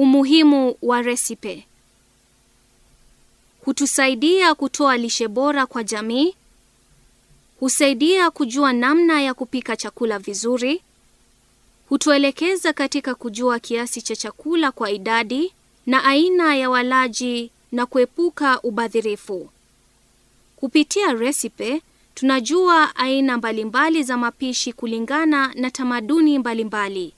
Umuhimu wa resipe hutusaidia kutoa lishe bora kwa jamii, husaidia kujua namna ya kupika chakula vizuri, hutuelekeza katika kujua kiasi cha chakula kwa idadi na aina ya walaji na kuepuka ubadhirifu. Kupitia resipe tunajua aina mbalimbali za mapishi kulingana na tamaduni mbalimbali.